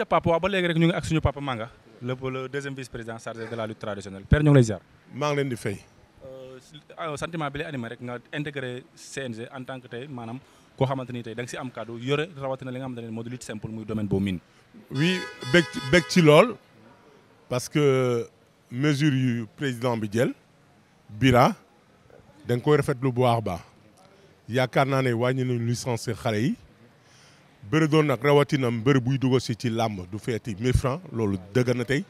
ca papa waaw ba léegi rek ñu ngi ak suñu papa Manga le le deuxième vice président chargé de la lutte traditionnelle père ñu ngi lay ziar. maa ngi leen di fay. Euh, euh, sentiment bi lay animé rek nga intégré CNG en tant que tey maanaam koo xamante ni tey da nga si am kàddu yore rawatina li nga xamante ne moo di lutte simple muy domaine boobu miin. oui bég bég ci lool parce que mesure yu président bi jël bira da nga koy rafetlu bu baax a baax yaakaar naa ne wàññi nañu licence xale yi. bëri doon nag rawatina mbër buy dugg si ci làmb du feeti 1000 francs loolu dëgg na tey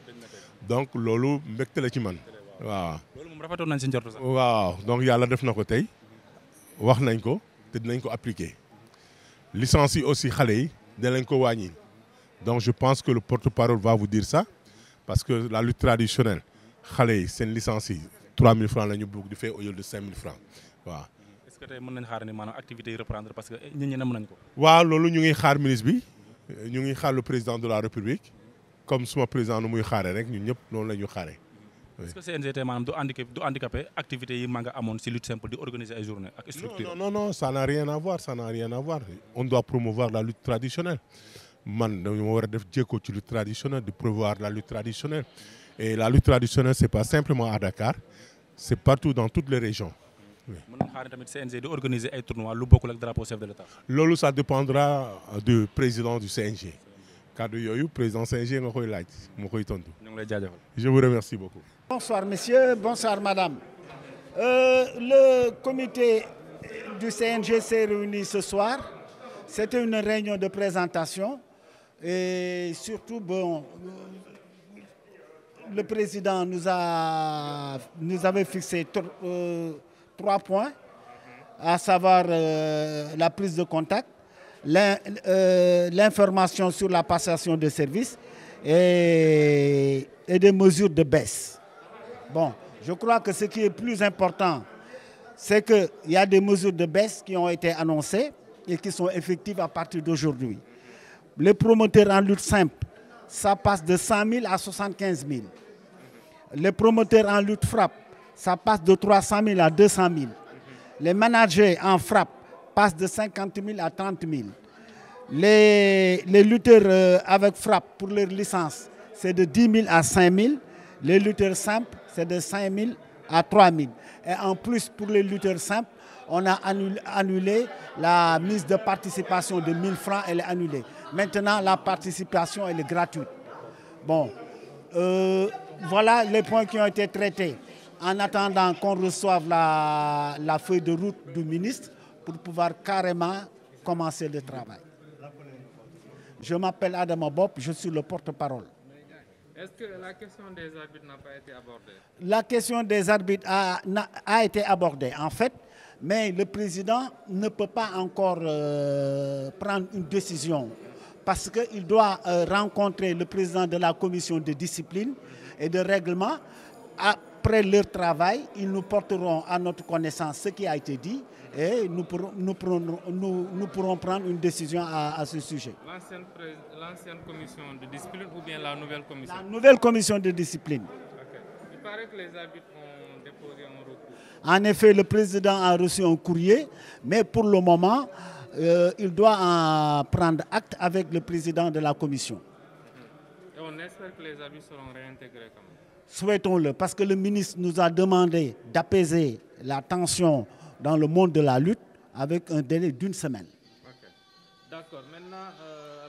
donc loolu mbégte la ci man waaw. loolu moom rafetoon nañ si njort sax. waaw donc yàlla def na ko tey wax nañ ko te dinañ ko appliquer licence yi aussi xale yi danañ ko wàññi donc je pense que le porte-parole va vous dire ça parce que la lutte traditionnelle xale yi seen licence yi 3000 francs la ñu bëgg di fay au lieu de 5000 francs waaw. que tey mën nañ xaar ni maanaam activités yi reprendre parce que eh, nit ñi nam nañ ko. waaw loolu ñu ngi xaar ministre bi ñu ngi xaar le président de la république comme suma président nu muy xaaree rek ñun ñëpp noonu la ñu xaaree. est-ce que CNG tey maanaam yi ma nga amoon si lutte simple di organiser ay journée ak structure. non non non ça n'a rien à voir ça n'a rien à voir on doit promouvoir la lutte traditionnelle man dañu war a def ci lutte traditionnelle di promouvoir la lutte traditionnelle et la lutte traditionnelle c'est pas les régions. mën nañu xaar tamit CNG di organiser ay tournois lu bokkul ak drapeau chef de l'État. loolu ça dépendra euh, du président du CNG. kàddu yooyu président CNG nga koy laaj moo koy tontu. ñu ngi lay jaajëfal. je vous remercie beaucoup. bonsoir messieurs bonsoir madame. Euh, le comité du CNG s'est réuni ce soir. C'était une réunion de présentation et surtout bon le président nous a nous avait fixé euh, trois points, à savoir euh, la prise de contact, euh, l'information euh, sur la passation de services et, et, des mesures de baisse. Bon, je crois que ce qui est plus important, c'est y des mesures de baisse qui ont été annoncées et qui sont effectives à partir d'aujourd'hui. Les promoteurs en lutte simple, ça passe de 100 000 à 75 000. Les promoteurs en lutte frappe, ça passe de 300 000 à 200 000. Les managers en frappe passent de 50 000 à 30 Les, les lutteurs euh, avec frappe pour leur licence, c'est de 10 000 à 5 000. Les lutteurs simples, c'est de 5 000 à 3 000. Et en plus, pour les lutteurs simples, on a annulé la mise de participation de 1000 francs, elle est annulée. Maintenant, la participation, elle est gratuite. Bon, euh, voilà les points qui ont été traités. en attendant qu'on reçoive la, la feuille de route du ministre pour pouvoir carrément commencer le travail. Je m'appelle Adam Bob, je suis le porte-parole. la question des arbitres des a, été abordée, en fait, mais le président ne peut pas encore euh, prendre une décision parce qu'il doit euh, rencontrer le président de la commission de discipline et de règlement à, après leur travail, ils nous porteront à notre connaissance ce qui a été dit et nous pourrons, prendre, une décision à, ce sujet. la nouvelle commission de discipline. En effet, le président a reçu un courrier, mais pour le moment, euh, il doit en prendre acte avec le président de la commission. Et on espère que les arbitres seront réintégrés souhaitons-le, parce que le ministre nous a demandé d'apaiser la tension dans le monde de la lutte avec un délai d'une semaine. Okay. D'accord. Maintenant, euh,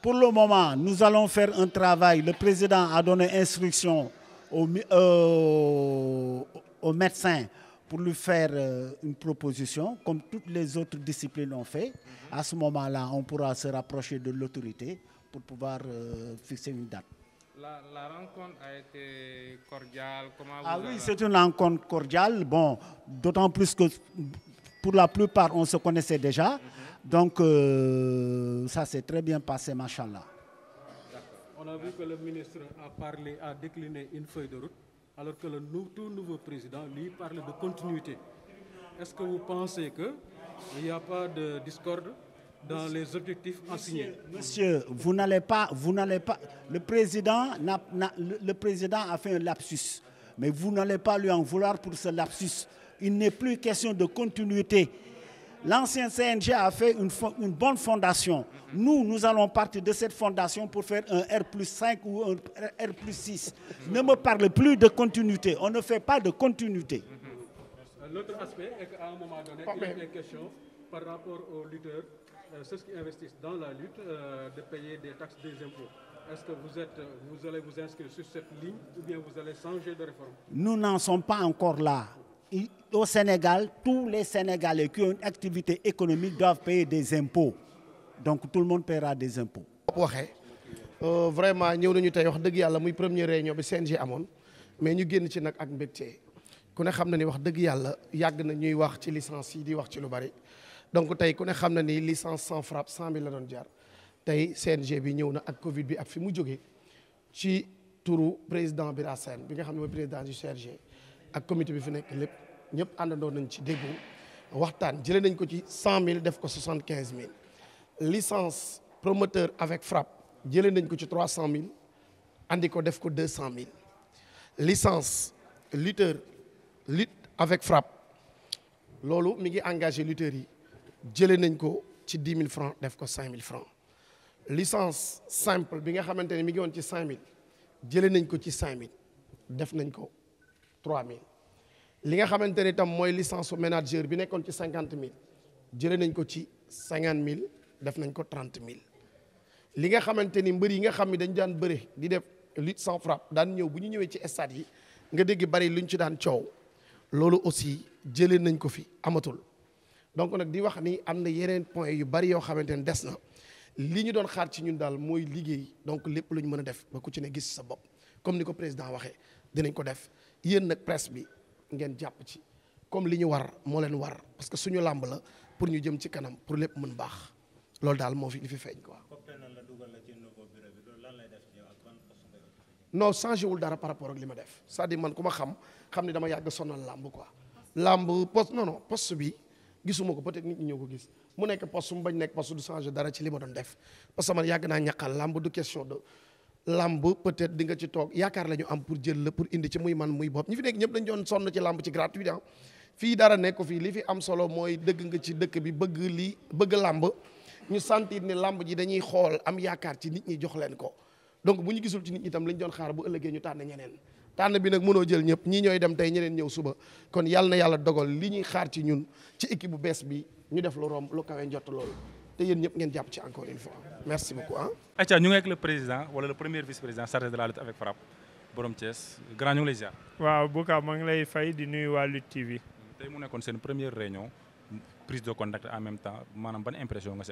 pour le moment, nous allons faire un travail. Le président a donné instruction aux, euh, aux médecins pour lui faire euh, une proposition, comme toutes les autres disciplines l'ont fait. Mhm. À ce moment-là, on pourra se rapprocher de l'autorité pour pouvoir euh, fixer une date. La, la, rencontre a été cordiale. Comment ah vous Bon, d'autant plus que pour la plupart, on se connaissait déjà. Mhm. Donc, euh, ça s'est très bien passé, machallah. On a vu que le ministre a parlé, décliné une feuille de route, alors que le nou tout nouveau président, lui, parle de continuité. Est-ce que vous pensez qu'il n'y a pas de discorde dans les objectifs assignés. Monsieur, vous n'allez pas, vous n'allez pas. Le président n'a, n'a, le président a fait un lapsus, mais vous n'allez pas lui en vouloir pour ce lapsus. Il n'est plus question de continuité. L'ancien CNG a fait une, une bonne fondation. Nous, nous allons partir de cette fondation pour faire un R plus 5 ou un R plus 6. Ne me parle plus de continuité. On ne fait pas de continuité. L'autre aspect est qu'à un moment donné, il y a des questions par rapport aux lutteurs Euh, ceux qui investissent dans la lutte euh, de payer des taxes, des impôts. Est-ce que vous, êtes, vous allez vous inscrire sur cette ligne ou bien vous allez changer de réforme Nous n'en sommes pas encore là. Au Sénégal, tous les Sénégalais qui ont une activité économique doivent payer des impôts. Donc tout le monde paiera des impôts. Euh, vraiment ñëw nañu tey wax dëgg yàlla muy première réunion bi CNG amoon mais ñu génn ci nag ak mbégte ku ne xam na ni wax dëgg yàlla yàgg na ñuy wax ci licence yi di wax ci lu bari. donc tey ku ne xam na ni licence sans frappe cent mille la doon jaar tey CNG bi ñëw na ak Covid bi ak fi mu jógee ci turu président Bira Sène bi nga xam ne mooy président du CNG ak comité bi fi nekk lépp ñëpp àndandoo nañ ci déggoo waxtaan jëlee nañ ko ci cent mille def ko soixante quinze mille licence promoteur avec frappe jëlee nañ ko ci trois cent mille andi ko def ko deux cent mille licence lutteur lutte avec frappe loolu mu ngi engagé lutteurs yi. jëlee nañ ko ci 10 000 francs def ko mille 000 francs licence simple bi nga xamante ne mi ngi woon ci 5000 jëlee nañ ko ci 5000 def nañ ko 3000 li nga xamante ni tam mooy licence su manager bi nekkoon ci 50000 jëlee nañ ko ci mille def nañ ko mille li nga xamante ni mbër yi nga xam ne dañ daan bëre di def lutte sans frappe daan ñëw bu ñu ñëwee ci stade yi nga dégg bari lu ci daan coow loolu aussi jëlee nañ ko fi amatul. donc nag di wax ni am na yeneen point yu bari yoo xamante ne des na li ñu doon xaar ci ñun daal mooy liggéey donc lépp lu ñu mën a def ba ku ci ne gis sa bopp comme ni ko président waxee dinañ ko def yéen nag presse bi ngeen jàpp ci comme li ñu war moo leen war parce que suñu làmb la pour ñu jëm ci kanam pour lépp mën baax loolu daal moo fi li fi feeñ quoi. non changé wul dara par rapport ak li ma def c'est-à-dire man ku ma xam xam ni dama yàgg sonal làmb quoi. làmb poste non non poste bi. gisuma ko peut-être nit ñi ñoo ko gis mu nekk poste mu bañ nekk poste du changer dara ci li ma doon def parce que man yàgg naa ñaqal làmb du question de làmb peut-être di nga ci toog yaakaar la am pour jël la pour indi ci muy man muy bopp ñi fi nekk ñëpp dañ doon sonn ci làmb ci gratuit ah fii dara nekku fii li fi am solo mooy dëgg nga ci dëkk bi bëgg lii bëgg làmb ñu sentir ne làmb ji dañuy xool am yaakaar ci nit ñi jox leen ko donc bu ñu gisul ci nit ñi doon xaar bu ëllëgee ñu tànn ñeneen tànn bi nag mënoo jël ñëpp ñii ñooy dem tey ñeneen ñëw suba kon yàlla na yàlla dogal li ñuy xaar ci ñun ci équipe bu bees bi ñu def lu romb lu kawe njott loolu te yéen ñëpp ngeen jàpp ci encore une fois merci beaucoup ah. Aïcha ñu ngi ak le président wala le premier vice président chargé de la lutte avec frappe borom Thiès grand ñu ngi lay ziar. waaw Bouka maa lay fay di nuyu waa Lutte TV. tey mu nekkoon seen première réunion prise de contact en même temps maanaam ban impression nga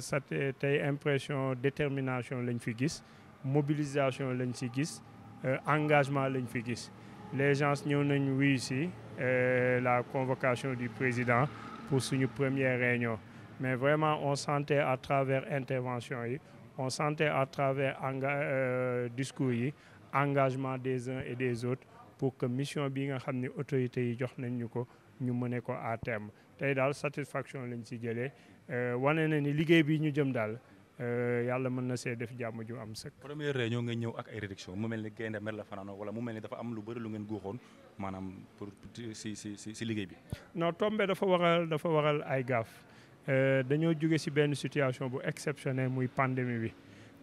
sa euh, tey impression détermination lañ fi gis mobilisation lañ si gis euh, engagement lañ fi gis les gens ñëw nañ wuyu si euh, la convocation du président pour suñu première réunion mais vraiment on sentait à travers intervention yi on sentait à travers enga discours yi engagement des uns et des autres pour que mission bi nga xam ne autorités yi jox nañ ñu ko ñu mu ne ko à terme tey daal satisfaction lañ si jëlee Euh, wane na ni liggéey bi ñu jëm daal euh, yàlla mën na see def jàmm ju am sëkk. première réunion nga ñëw ak ay réduction mu mel ni gaynde mer la fanaano wala mu mel ni dafa am lu bëri lu ngeen góoxoon maanaam pour si si si si liggéey bi. non tombé dafa waral dafa waral ay gaaf euh, dañoo jóge si benn situation bu exceptionnelle muy pandémie bi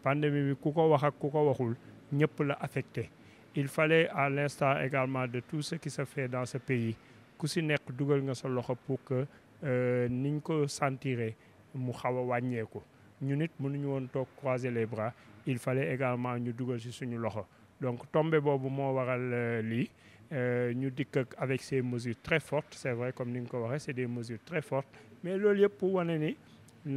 pandémie bi ku ko wax ak ku ko waxul ñëpp la affecté il fallait à l'instar également de tout ce qui se fait dans ce pays ku si nekk dugal nga sa loxo pour Euh, niñ ko sentiree mu xaw a wàññeeku ñu nit mënuñu woon toog croiser les bras il fallait également ñu dugal ci suñu loxo donc tombé boobu moo waral euh, lii euh, ñu dikk ak avec ces mesures très fortes c'est vrai comme ni nga ko waxee c'est des mesures très fortes mais loolu yëpp wane ni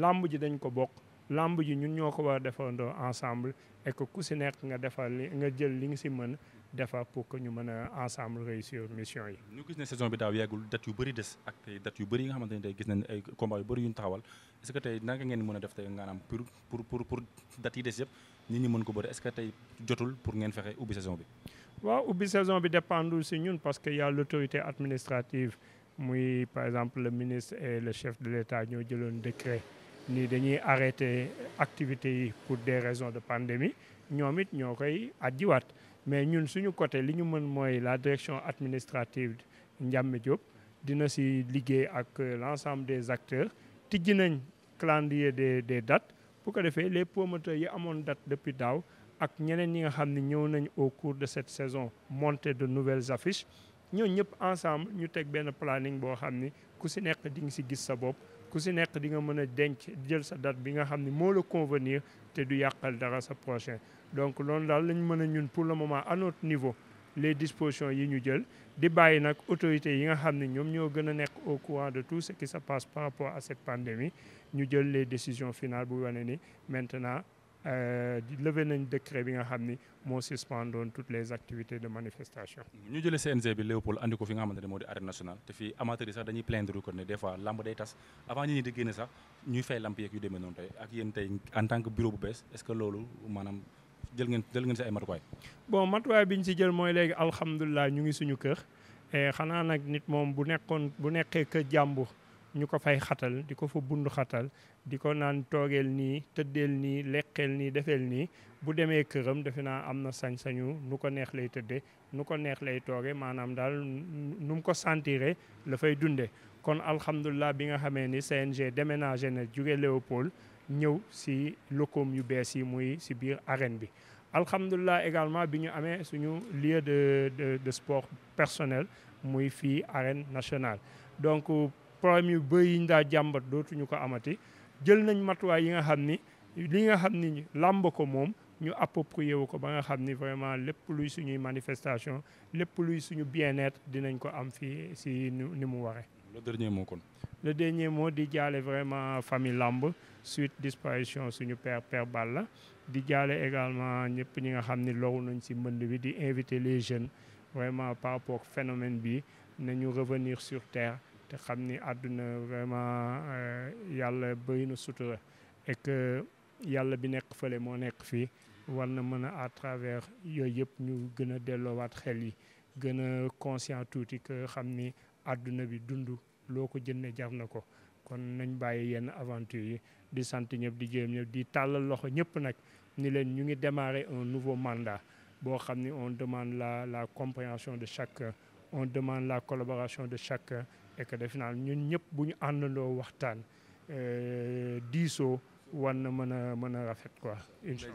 làmb ji dañ ko bokk làmb ji ñun ñoo ko war a defandoo ensemble et que ku si nekk nga defal nga jël li nga si mën defa pour que ñu mën a ensemble réussir mission yi. ñu gis ne saison bi daaw yeggul date yu bëri des ak tey date yu bëri yi nga xamante ne tey gis nañ ay yu bëri yu ñu taxawal est ce que tey naka ngeen mën a def tey maanaam pour pour pour pour date yi des yëpp nit ñi mën ko bëri est ce que tey jotul pour ngeen fexe ubbi saison bi. waaw ubbi saison bi dépendul si ñun parce que y' a l' autorité administrative muy par exemple le ministre et le chef de l' état ñoo jëloon décret ni dañuy arrêter activités yi des raisons de pandémie ñoom it ñoo koy ajiwaat. mais ñun suñu côté li ñu mën mooy la direction administrative njàmme Diop dina si liggéey ak euh, l'ensemble des acteurs tijji nañ clandier des des dates bu ko defee les promoteurs yi amoon date depuis daaw ak ñeneen ñi nga xam ne ñëw nañ au cours de cette saison monter de nouvelles affiches ñooñ ñëpp ensemble ñu teg benn planning boo xam ni ku si nekk di nga si gis sa bopp ku si nekk di nga mën a denc jël sa date bi nga xam ne moo la convenir te du yàqal dara sa prochain donc loolu daal lañ mën a ñun pour le moment à notre niveau les dispositions yi ñu jël di bàyyi nag autorités yi nga xam ne ñoom ñoo gën a nekk au courant de tout ce qui se passe par rapport à cette pandémie ñu jël les décisions finale bu wane ni maintenant Euh, levé nañ décret bi nga xam ni moo suspendoon toutes les activités de manifestation. ñu jëlee CNG bi Léopold andi fi nga xamante ne moo di arène nationale te fii amateurs yi sax dañuy plaindre ko ne des fois lamb day tas avant ñi di génne sax ñuy fay lamp yeeg yu demee noonu tey ak yéen tey en tant que bureau bu bees est-ce que loolu maanaam jël ngeen jël ngeen si ay matuwaay. bon matuwaay bi ñu si jël mooy léegi alhamdulilah ñu ngi suñu kër eh, xanaa nag nit moom bu nekkoon bu nekkee kër jàmbur. ñu ko fay xatal di ko fa bundu xatal di ko naan toogeel nii tëddeel nii lekkeel nii defeel nii bu demee këram defe naa am na sañ-sañu nu ko neex lay tëdde nu ko neex lay tooge maanaam daal nu ko sentiree la fay dundee kon alhamdulilah bi nga xamee ni CNG déménagé na jóge Léopold ñëw si locaux yu bees yi muy si biir arène bi alhamdulilah également bi ñu amee suñu lieu de de de sport personnel muy fii arène nationale donc problème yu bëri yi ñu daa jàmbat dootuñu ko amati jël nañ matuwaay yi nga xam ni li nga xam ni làmb ko moom ñu approprié wu ko ba nga xam ni vraiment lépp luy suñuy manifestation lépp luy suñu bien-être dinañ ko am fii si ni mu waree. le dernier mot kon. le di jaale vraiment famille làmb suite disparition suñu père père Balla di jaale également ñëpp ñi nga xam ni loru nañ si mbënd bi di inviter les jeunes vraiment par rapport phénomène bi nañu revenir sur terre. te xam ni àdduna vraiment euh, yàlla bëri na sutura et que yàlla bi nekk fële moo nekk fii war na mën a à travers yooyu yëpp ñu gën a delloowaat xel yi gën a conscient tuuti que xam ni àdduna bi dund loo ko jënne jar na ko kon nañ bàyyi yenn aventure yi di sant ñëpp di jéem ñëpp di tàllal loxo ñëpp nag ni leen ñu ngi démarrer un nouveau mandat boo xam ni on demande la la compréhension de chacun on demande la collaboration de chacun et que naa ñun ñëpp bu ñu àndandoo waxtaan euh, diisoo war na mën a mën a rafet quoi incha